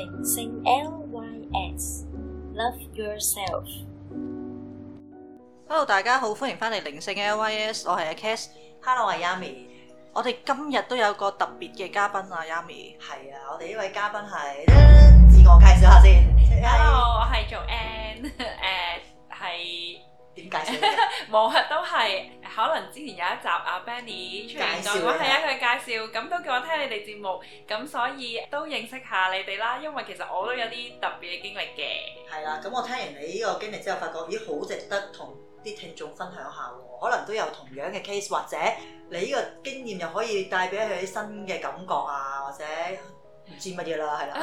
靈性 L Y S，Love Yourself。Hello，大家好，歡迎翻嚟靈性 L Y S，我係阿 Kas，Hello，我係 Yami。我哋今日都有個特別嘅嘉賓啊，Yami。係啊，我哋呢位嘉賓係，自我介紹下先。Hello，我係 Joanne，誒係。點解？紹冇啊， 都係可能之前有一集阿 Benny 出現過，係啊，佢介紹，咁都叫我聽你哋節目，咁所以都認識下你哋啦。因為其實我都有啲特別嘅經歷嘅。係啦、啊，咁我聽完你呢個經歷之後，發覺咦好值得同啲聽眾分享下喎。可能都有同樣嘅 case，或者你呢個經驗又可以帶俾佢新嘅感覺啊，或者唔知乜嘢啦，係啦、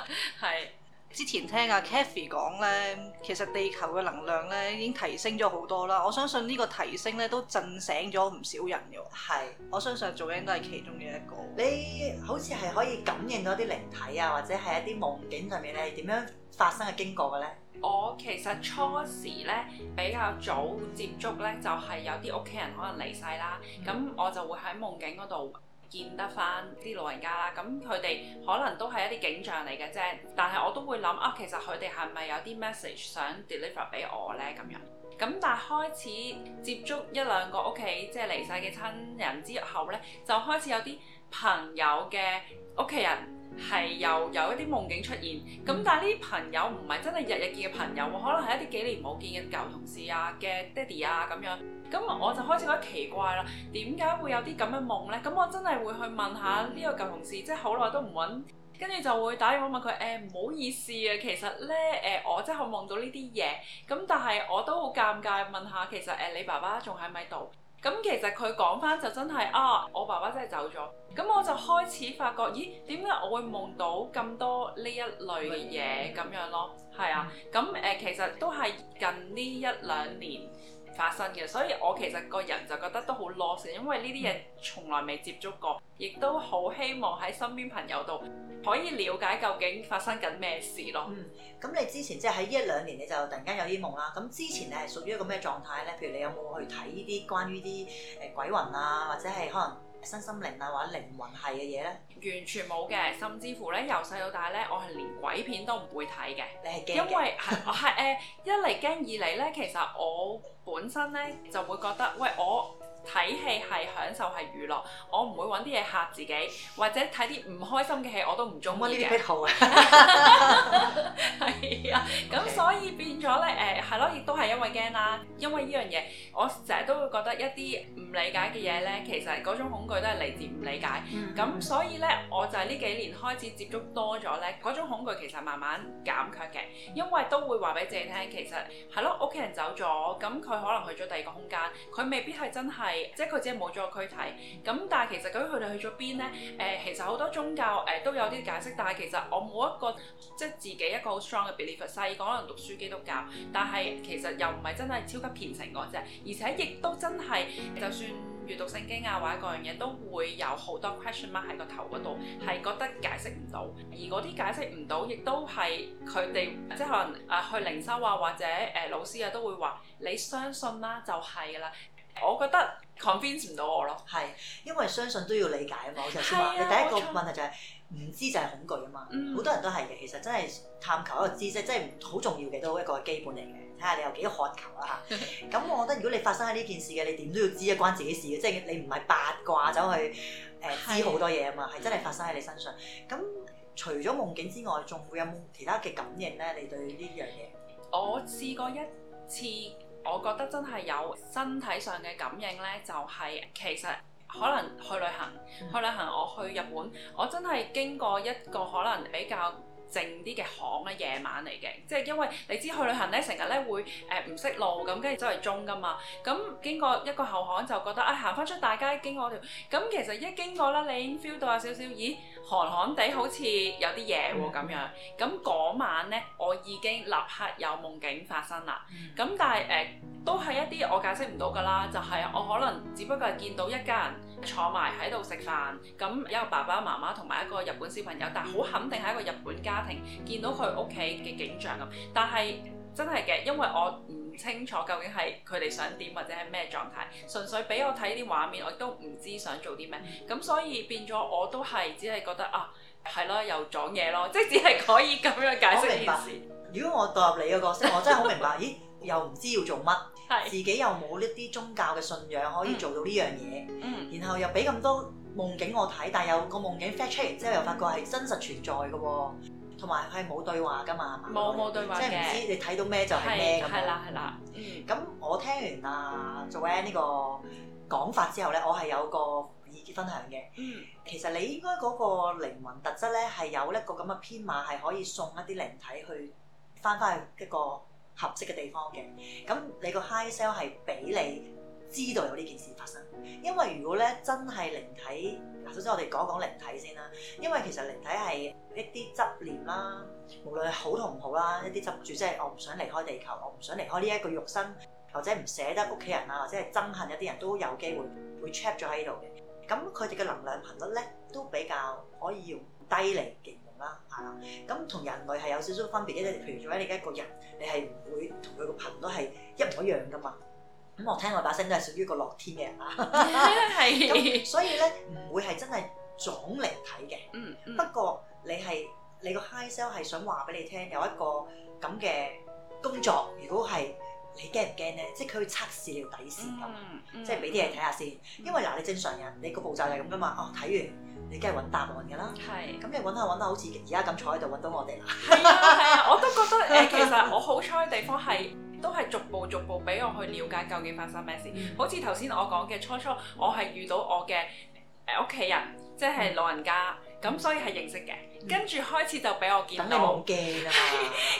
啊，係。 之前聽阿 Kathy 講咧，其實地球嘅能量咧已經提升咗好多啦。我相信呢個提升咧都震醒咗唔少人㗎。係是，我相信 Joanne 都係其中嘅一個。你好似係可以感應到啲靈體啊，或者係一啲夢境上面咧點樣發生嘅經過嘅咧？我其實初時咧比較早接觸咧，就係有啲屋企人可能離世啦，咁我就會喺夢境嗰度。見得翻啲老人家啦，咁佢哋可能都係一啲景象嚟嘅啫，但係我都會諗啊，其實佢哋係咪有啲 message 想 deliver 俾我呢？咁樣？咁但係開始接觸一兩個屋企，即係離世嘅親人之後呢，就開始有啲朋友嘅屋企人。係又有一啲夢境出現，咁但係呢啲朋友唔係真係日日見嘅朋友，可能係一啲幾年冇見嘅舊同事啊、嘅爹哋啊咁樣，咁我就開始覺得奇怪啦，點解會有啲咁嘅夢呢？咁我真係會去問下呢個舊同事，即係好耐都唔揾，跟住就會打電話問佢，誒、哎、唔好意思啊，其實呢，誒、呃、我真係夢到呢啲嘢，咁但係我都好尷尬問，問下其實誒、呃、你爸爸仲喺唔喺度？咁其實佢講翻就真係啊，我爸爸真係走咗，咁我就開始發覺，咦，點解我會夢到咁多呢一類嘢咁、嗯、樣咯？係啊，咁誒、呃、其實都係近呢一兩年。發生嘅，所以我其實個人就覺得都好 lost，因為呢啲嘢從來未接觸過，亦都好希望喺身邊朋友度可以了解究竟發生緊咩事咯。嗯，咁你之前即係喺一兩年你就突然間有啲夢啦。咁之前你係屬於一個咩狀態咧？譬如你有冇去睇呢啲關於啲誒鬼魂啊，或者係可能？身心靈啊，或者靈魂系嘅嘢咧，完全冇嘅，甚至乎咧，由細到大咧，我係連鬼片都唔會睇嘅。你係驚嘅，因為係，我係 一嚟驚，二嚟咧，其實我本身咧就會覺得，喂我。睇戲係享受係娛樂，我唔會揾啲嘢嚇自己，或者睇啲唔開心嘅戲我都唔中意。我呢啲係啊！係啊，咁所以變咗咧誒，係、呃、咯，亦都係因為驚啦。因為呢樣嘢，我成日都會覺得一啲唔理解嘅嘢咧，其實嗰種恐懼都係嚟自唔理解。咁、mm hmm. 所以咧，我就係呢幾年開始接觸多咗咧，嗰種恐懼其實慢慢減卻嘅，因為都會話俾自己聽，其實係咯，屋企、啊、人走咗，咁佢可能去咗第二個空間，佢未必係真係。即係佢只係冇咗個軀體，咁但係其實究竟佢哋去咗邊咧？誒、呃，其實好多宗教誒、呃、都有啲解釋，但係其實我冇一個即係自己一個好 strong 嘅 belief。細個可能讀書基督教，但係其實又唔係真係超級虔誠嗰隻，而且亦都真係就算閱讀聖經啊，或者各樣嘢都會有好多 question mark 喺個頭嗰度，係覺得解釋唔到。而嗰啲解釋唔到，亦都係佢哋即係可能誒去靈修啊，或者誒、呃、老師啊都會話：你相信啦、啊，就係、是、啦。我覺得 convince 唔到我咯。係，因為相信都要理解啊嘛，我就係話、啊、你第一個問題就係、是、唔、嗯、知就係恐懼啊嘛，好、嗯、多人都係嘅，其實真係探求一個知識真係好重要嘅，都一個基本嚟嘅。睇下你有幾渴求啦嚇。咁 我覺得如果你發生喺呢件事嘅，你點都要知一關自己事嘅，即、就、係、是、你唔係八卦走去誒、呃、是知好多嘢啊嘛，係真係發生喺你身上。咁、嗯、除咗夢境之外，仲會有冇其他嘅感應咧？你對呢樣嘢？我試過一次。我覺得真係有身體上嘅感應呢，就係、是、其實可能去旅行，去旅行我去日本，我真係經過一個可能比較靜啲嘅巷咧，夜晚嚟嘅，即係因為你知去旅行呢成日呢會誒唔識路咁，跟住周圍中㗎嘛，咁經過一個後巷就覺得啊，行、哎、翻出大街經過條，咁其實一經過呢，你已經 feel 到有少少咦～寒寒地好似有啲嘢喎咁樣，咁嗰晚呢，我已經立刻有夢境發生啦。咁但係誒、呃，都係一啲我解釋唔到㗎啦，就係、是、我可能只不過係見到一家人坐埋喺度食飯，咁有爸爸媽媽同埋一個日本小朋友，但係好肯定係一個日本家庭，見到佢屋企嘅景象咁，但係。真係嘅，因為我唔清楚究竟係佢哋想點或者係咩狀態，純粹俾我睇啲畫面，我都唔知想做啲咩，咁所以變咗我都係只係覺得啊，係咯，又撞嘢咯，即係只係可以咁樣解釋件事。如果我代入你嘅角色，我真係好明白，咦，又唔知要做乜？ 自己又冇呢啲宗教嘅信仰可以做到呢樣嘢，嗯嗯、然後又俾咁多夢境我睇，但係有個夢境 fact check 完之後，又發覺係真實存在嘅喎。同埋佢係冇對話噶嘛，冇冇對話即係唔知你睇到咩就係咩咁咯。係啦，係啦。嗯。咁我聽完啊 Joanne 呢個講法之後咧，我係有個意見分享嘅。嗯。其實你應該嗰個靈魂特質咧，係有一個咁嘅編碼，係可以送一啲靈體去翻返去一個合適嘅地方嘅。咁你個 High Self 係俾你。知道有呢件事發生，因為如果咧真係靈體，首先我哋講講靈體先啦。因為其實靈體係一啲執念啦，無論好同唔好啦，一啲執住，即係我唔想離開地球，我唔想離開呢一個肉身，或者唔捨得屋企人啊，或者憎恨一啲人都有機會會 check 咗喺度嘅。咁佢哋嘅能量頻率咧都比較可以用低嚟形容啦，係啊。咁同人類係有少少分別嘅，譬如做緊你一個人，你係唔會同佢個頻率係一模一樣㗎嘛。咁、嗯、我聽我把聲都係屬於一個樂天嘅人，咁 Yeah, is. 所以咧唔會係真係撞嚟睇嘅。嗯、mm hmm. 不過你係你個 High Self 係想話俾你聽，有一個咁嘅工作，如果係你驚唔驚咧？即係佢要測試你底線咁，mm hmm. 即係俾啲嘢睇下先。因為嗱，你正常人你個步驟係咁噶嘛。哦，睇完。你梗係揾答案噶啦，係咁，你揾下揾下，好似而家咁坐喺度揾到我哋啦。係啊係啊，我都覺得誒，其實我好彩嘅地方係都係逐步逐步俾我去了解究竟發生咩事。好似頭先我講嘅，初初我係遇到我嘅誒屋企人，即係老人家，咁所以係認識嘅。跟住開始就俾我見到忘記啦，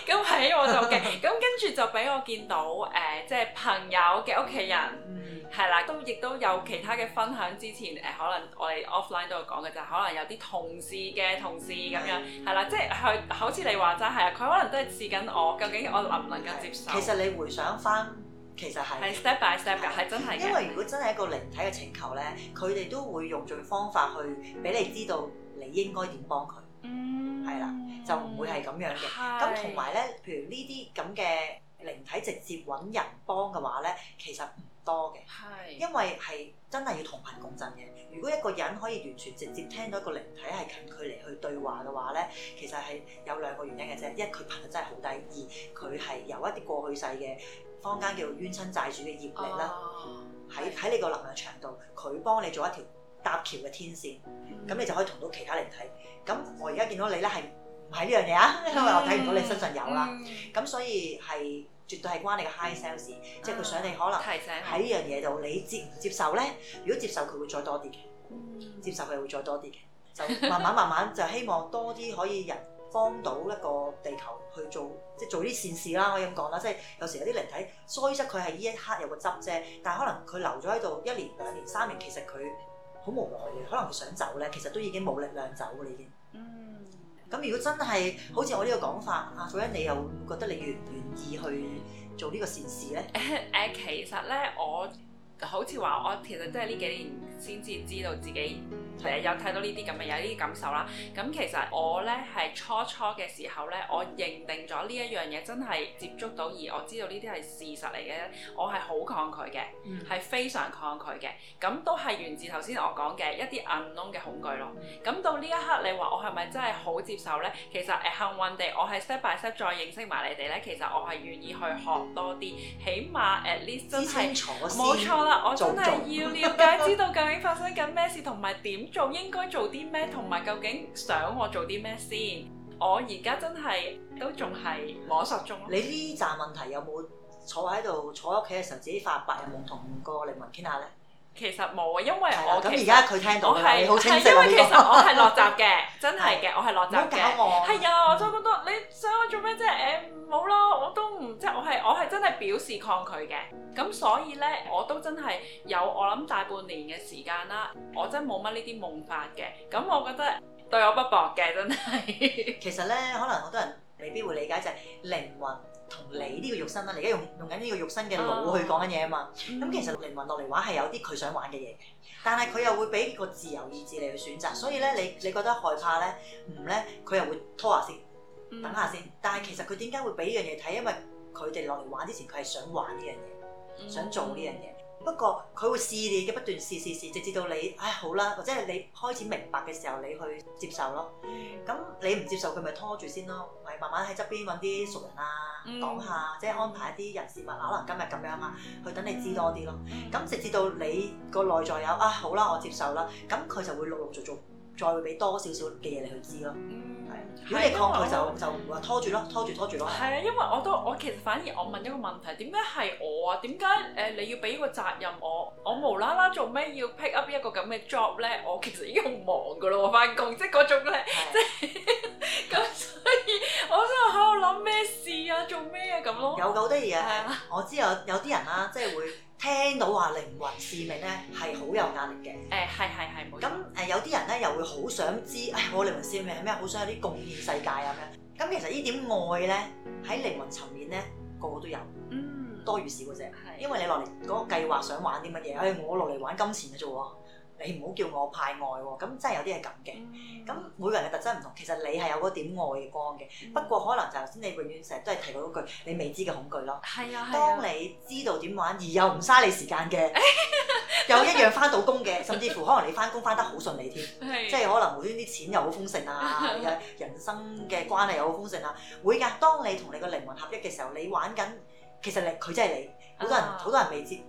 咁喺我度記，咁跟住就俾我見到誒，即係朋友嘅屋企人。 係啦，都亦都有其他嘅分享。之前誒，可能我哋 offline 都有講嘅，就係可能有啲同事嘅同事咁樣，係啦，即係佢好似你話齋，係啊，佢可能都係試緊我，究竟我能唔能夠接受？其實你回想翻，其實係係 step by step 嘅，係真係因為如果真係一個靈體嘅請求咧，佢哋都會用盡方法去俾你知道你應該點幫佢。嗯，係啦，就唔會係咁樣嘅。咁同埋咧，譬如呢啲咁嘅靈體直接揾人幫嘅話咧，其實。多嘅，因為係真係要同頻共振嘅。如果一個人可以完全直接聽到一個靈體係近距離去對話嘅話咧，其實係有兩個原因嘅啫。一佢頻率真係好低，二佢係由一啲過去世嘅坊間、嗯、叫冤親債主嘅業力啦。喺喺你個能量場度，佢幫你做一條搭橋嘅天線，咁、嗯、你就可以同到其他靈體。咁我而家見到你咧係唔係呢樣嘢啊？嗯、因為我睇唔到你身上有啦。咁所以係。絕對係關你嘅 high sales 事，嗯，即係佢想你可能喺呢樣嘢度，你接唔接受咧？如果接受，佢會再多啲嘅。嗯、接受佢會再多啲嘅， 就慢慢慢慢就希望多啲可以人幫到一個地球去做，即係做啲善事啦。可以咁講啦，即係有時有啲靈體雖則，佢係呢一刻有一個執啫，但係可能佢留咗喺度一年、兩年、三年，其實佢好無奈嘅，可能佢想走咧，其實都已經冇力量走啦已經。咁如果真係好似我呢個講法啊，Joanne 你又會覺得你願唔願意去做呢個善事咧？誒， 其實咧，我好似話，我其實真係呢幾年，先至知道自己成日有睇到呢啲咁嘅有呢啲感受啦。咁其實我咧係初初嘅時候咧，我認定咗呢一樣嘢真係接觸到，而我知道呢啲係事實嚟嘅，我係好抗拒嘅，係、嗯、非常抗拒嘅。咁都係源自頭先我講嘅一啲 unknown 嘅恐懼咯。咁到呢一刻你話我係咪真係好接受咧？其實誒幸運地我係 step by step 再認識埋你哋咧。其實我係願意去學多啲，嗯、起碼 at least 真係冇錯啦，了我真係要了解 知道究竟發生緊咩事，同埋點做應該做啲咩，同埋究竟想我做啲咩先？我而家真係都仲係摸索中。你呢站問題，有冇坐喺度坐屋企嘅時候，自己發白日夢同個靈魂傾下呢？其實冇，啊，因為我而家佢聽到我係係因為其實我係落閘嘅， 真係嘅，我係落閘嘅。係啊，我就覺得你想我做咩啫？誒、哎，好啦，我都唔即係我係我係真係表示抗拒嘅。咁所以咧，我都真係有我諗大半年嘅時間啦。我真冇乜呢啲夢法嘅。咁我覺得對我不薄嘅，真係。其實咧，可能好多人未必會理解就係靈魂，同你呢個肉身啦，而家用用緊呢個肉身嘅腦去講緊嘢啊嘛，咁、啊嗯嗯、其實靈魂落嚟玩係有啲佢想玩嘅嘢嘅，但係佢又會俾個自由意志你去選擇，所以咧你你覺得害怕咧唔咧？佢又會拖下先，等下先，但係其實佢點解會俾呢樣嘢睇？因為佢哋落嚟玩之前，佢係想玩呢樣嘢，想做呢樣嘢。嗯嗯不過佢會試你嘅，不斷試試試，直至到你唉好啦，或者係你開始明白嘅時候，你去接受咯。咁你唔接受佢咪拖住先咯，咪慢慢喺側邊揾啲熟人啊講下，嗯、即係安排一啲人事物可能今日咁樣啊，去等你知多啲咯。咁、嗯、直至到你個內在有啊好啦，我接受啦。咁佢就會陸陸續續，續再會俾多少少嘅嘢你去知咯。嗯因為如果你抗拒就就話拖住咯，拖住拖住咯。係啊，因為我都我其實反而我問一個問題，點解係我啊？點解誒你要俾個責任我？我無啦啦做咩要 pick up 一個咁嘅 job 咧？我其實已經好忙㗎咯，翻工即係嗰種咧，即係咁 所以我真係喺度諗咩事啊？做咩啊？咁咯嗎。有有啲嘢係，我知有有啲人啦、啊，即係會。聽到話靈魂使命咧係好有壓力嘅，誒係係係咁誒有啲人咧又會好想知，唉，我靈魂使命係咩？好想有啲貢獻世界啊咁樣。咁其實呢點愛咧，喺靈魂層面咧個個都有，嗯，多與少嘅啫。係，因為你落嚟嗰個計劃想玩啲乜嘢？誒我落嚟玩金錢嘅啫喎。你唔好叫我派外喎，咁真係有啲係咁嘅。咁每個人嘅特質唔同，其實你係有嗰點外光嘅，不過可能就頭先你永遠成日都係提到嗰句你未知嘅恐懼咯。係啊係啊。當你知道點玩，而又唔嘥你時間嘅，又一樣翻到工嘅，甚至乎可能你翻工翻得好順利添，即係可能無端啲錢又好豐盛啊，人生嘅關係又好豐盛啊，每日當你同你個靈魂合一嘅時候，你玩緊其實你佢真係你，好多人好多人未接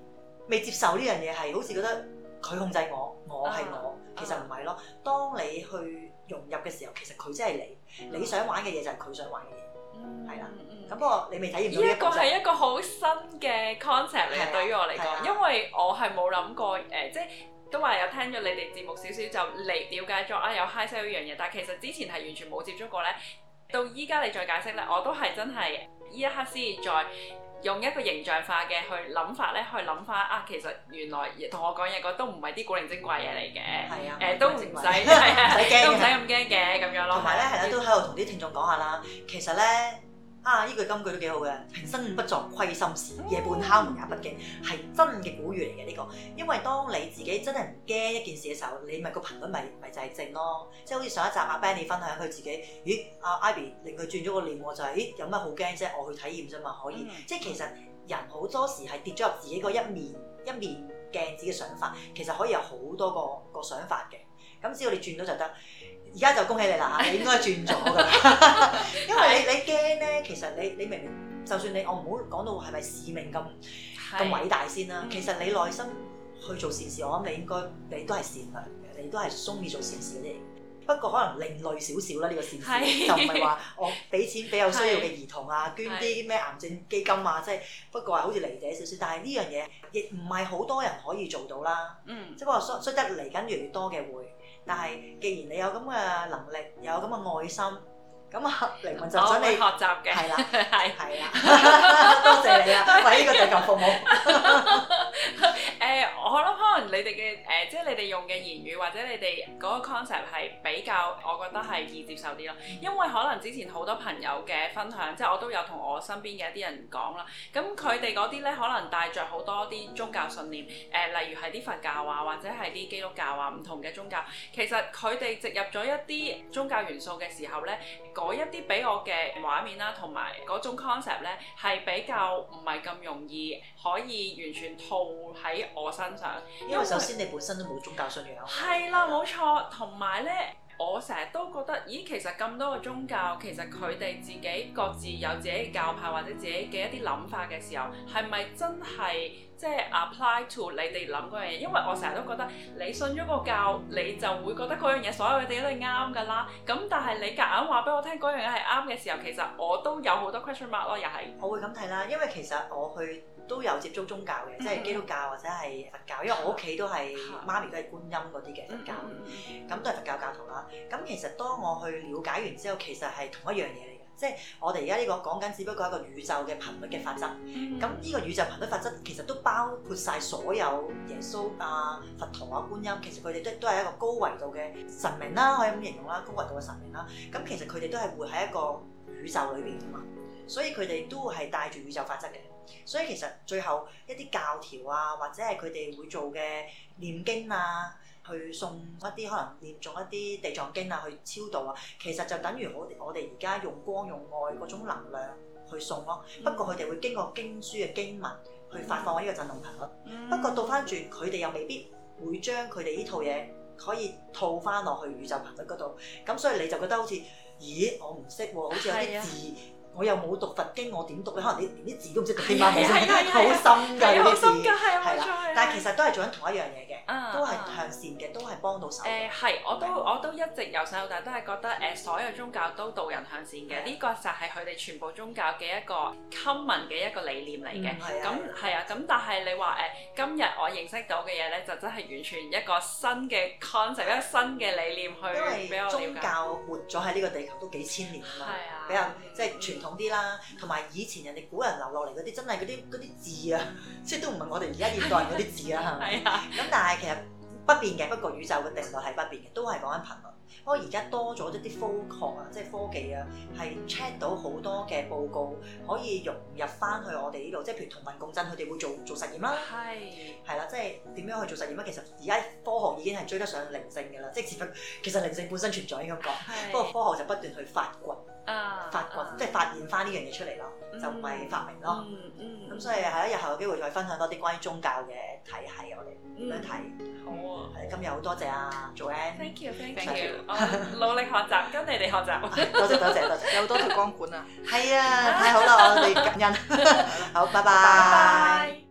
未接受呢樣嘢係，好似覺得。佢控制我，我係我，啊、其實唔係咯。當你去融入嘅時候，其實佢真係你，嗯、你想玩嘅嘢就係佢想玩嘅嘢，係啦。咁不過你未體驗到呢一種、就是。呢一個係一個好新嘅 concept 嚟，對於我嚟講，因為我係冇諗過誒、呃，即係都話有聽咗你哋節目少少，就嚟了解咗啊有 Higher Self 呢樣嘢，但係其實之前係完全冇接觸過咧。到依家你再解釋咧，我都係真係依一刻先至再。用一個形象化嘅去諗法咧，去諗翻啊，其實原來同我講嘢都唔係啲古靈精怪嘢嚟嘅，係啊，誒都唔使，都唔使咁驚嘅咁樣咯。同埋咧，係啦、嗯，都喺度同啲聽眾講下啦， 其實咧。啊！呢句金句都幾好嘅，平生不作虧心事，夜半敲門也不驚，係真嘅古語嚟嘅呢個。因為當你自己真係唔驚一件事嘅時候，你咪個頻率咪咪就係正咯、啊。即係好似上一集阿 Benny 分享佢自己，咦阿、啊、Ivy 令佢轉咗個念喎，我就係、是、咦有咩好驚啫？我去體驗啫嘛，可以。嗯、即係其實人好多時係跌咗入自己個一面一面鏡子嘅想法，其實可以有好多個個想法嘅。咁只要你轉到就得。而家就恭喜你啦吓，你應該轉咗噶， 因為你你驚咧，其實你你明明就算你我唔好講到係咪使命咁咁是偉大先啦，嗯、其實你內心去做善事，我諗你應該你都係善良嘅，你都係中意做善事咧。嗯、不過可能另類少少啦，呢、呢個善事是就唔係話我俾錢俾有需要嘅兒童啊，是捐啲咩癌症基金啊，即係是不過係好似離地少少。但係呢樣嘢亦唔係好多人可以做到啦。即係話衰衰得嚟緊越嚟越多嘅會。但係，既然你有咁嘅能力，又有咁嘅愛心，咁啊靈魂就想你學習嘅，係啦，係係 啦，啦 多謝你啊，為呢、 呢個地球服務。 我覺得可能你哋嘅誒，即係你哋用嘅言語或者你哋嗰個 concept 係比較，我覺得係易接受啲咯。因為可能之前好多朋友嘅分享，即係我都有同我身邊嘅一啲人講啦。咁佢哋嗰啲咧，可能帶着好多啲宗教信念，誒、呃、例如係啲佛教啊，或者係啲基督教啊，唔同嘅宗教。其實佢哋植入咗一啲宗教元素嘅時候咧，嗰一啲俾我嘅畫面啦、啊，同埋嗰種 concept 咧，係比較唔係咁容易可以完全套喺我身。因為首先你本身都冇宗教信仰，係啦冇錯，同埋咧，我成日都覺得，咦，其實咁多個宗教，其實佢哋自己各自有自己嘅教派或者自己嘅一啲諗法嘅時候，係咪真係即係 apply to 你哋諗嗰樣嘢？因為我成日都覺得，你信咗個教，你就會覺得嗰樣嘢所有嘅嘢都係啱㗎啦。咁但係你夾硬話俾我聽嗰樣嘢係啱嘅時候，其實我都有好多 question mark 咯，又係我會咁睇啦，因為其實我去都有接觸宗教嘅，即係基督教或者係佛教。因為我屋企都係媽咪都係觀音嗰啲嘅佛教，咁都係佛教教徒啦。咁其實當我去了解完之後，其實係同一樣嘢嚟嘅，即係我哋而家呢個講緊，只不過係一個宇宙嘅頻率嘅法則。咁呢、嗯、個宇宙頻率法則其實都包括晒所有耶穌啊、佛陀啊、觀音。其實佢哋都都係一個高維度嘅神明啦，可以咁形容啦，高維度嘅神明啦。咁其實佢哋都係活喺一個宇宙裏邊㗎嘛，所以佢哋都係帶住宇宙法則嘅。所以其實最後一啲教條啊，或者係佢哋會做嘅念經啊，去送一啲可能念誦一啲地藏經啊，去超度啊，其實就等於我我哋而家用光用愛嗰種能量去送咯、啊。嗯、不過佢哋會經過經書嘅經文去發放喎、啊、呢、嗯、個振動頻率。嗯、不過倒翻轉佢哋又未必會將佢哋呢套嘢可以套翻落去宇宙頻率度。咁所以你就覺得好似，咦？我唔識喎，好似有啲字。我又冇讀佛經，我點讀，你可能你連啲字都唔識。點解冇識？係啊，係好深㗎呢個字，係但係其實都係做緊同一樣嘢嘅，都係向善嘅，都係幫到手。誒係，我都我都一直由細到大都係覺得誒，所有宗教都導人向善嘅，呢個就係佢哋全部宗教嘅一個 common 嘅一個理念嚟嘅。咁係啊，咁但係你話誒，今日我認識到嘅嘢咧，就真係完全一個新嘅 concept，一個新嘅理念去俾我瞭解。咗喺呢個地球都幾千年啦，係啊，比較即係傳統啲啦，同埋以前人哋古人留落嚟嗰啲真係嗰啲嗰啲字啊，即係都唔係我哋而家現代嗰啲字啊，係咪？係啊，咁但係其實不變嘅，不過宇宙嘅定律係不變嘅，都係講緊頻率。我而家多咗一啲科學啊，即係科技啊，係 check 到好多嘅報告，可以融入翻去我哋呢度，即係譬如同頻共振，佢哋會做做實驗啦，係，係啦，即係點樣去做實驗咧？其實而家科學已經係追得上靈性嘅啦，即係其實靈性本身存在，應該講，不過科學就不斷去發掘，發掘，uh, uh, 即係發現翻呢樣嘢出嚟咯，就唔係發明咯，咁、uh, uh, uh, uh, 所以係啊，日後有機會再分享多啲關於宗教嘅體系，我哋點樣睇，好啊，係、嗯、今日好多謝啊 Joanne，Thank you，Thank you。努力學習，跟你哋學習。多謝多謝多謝，有好多條光管啊！係啊，太好喇！我哋感恩，好，拜拜。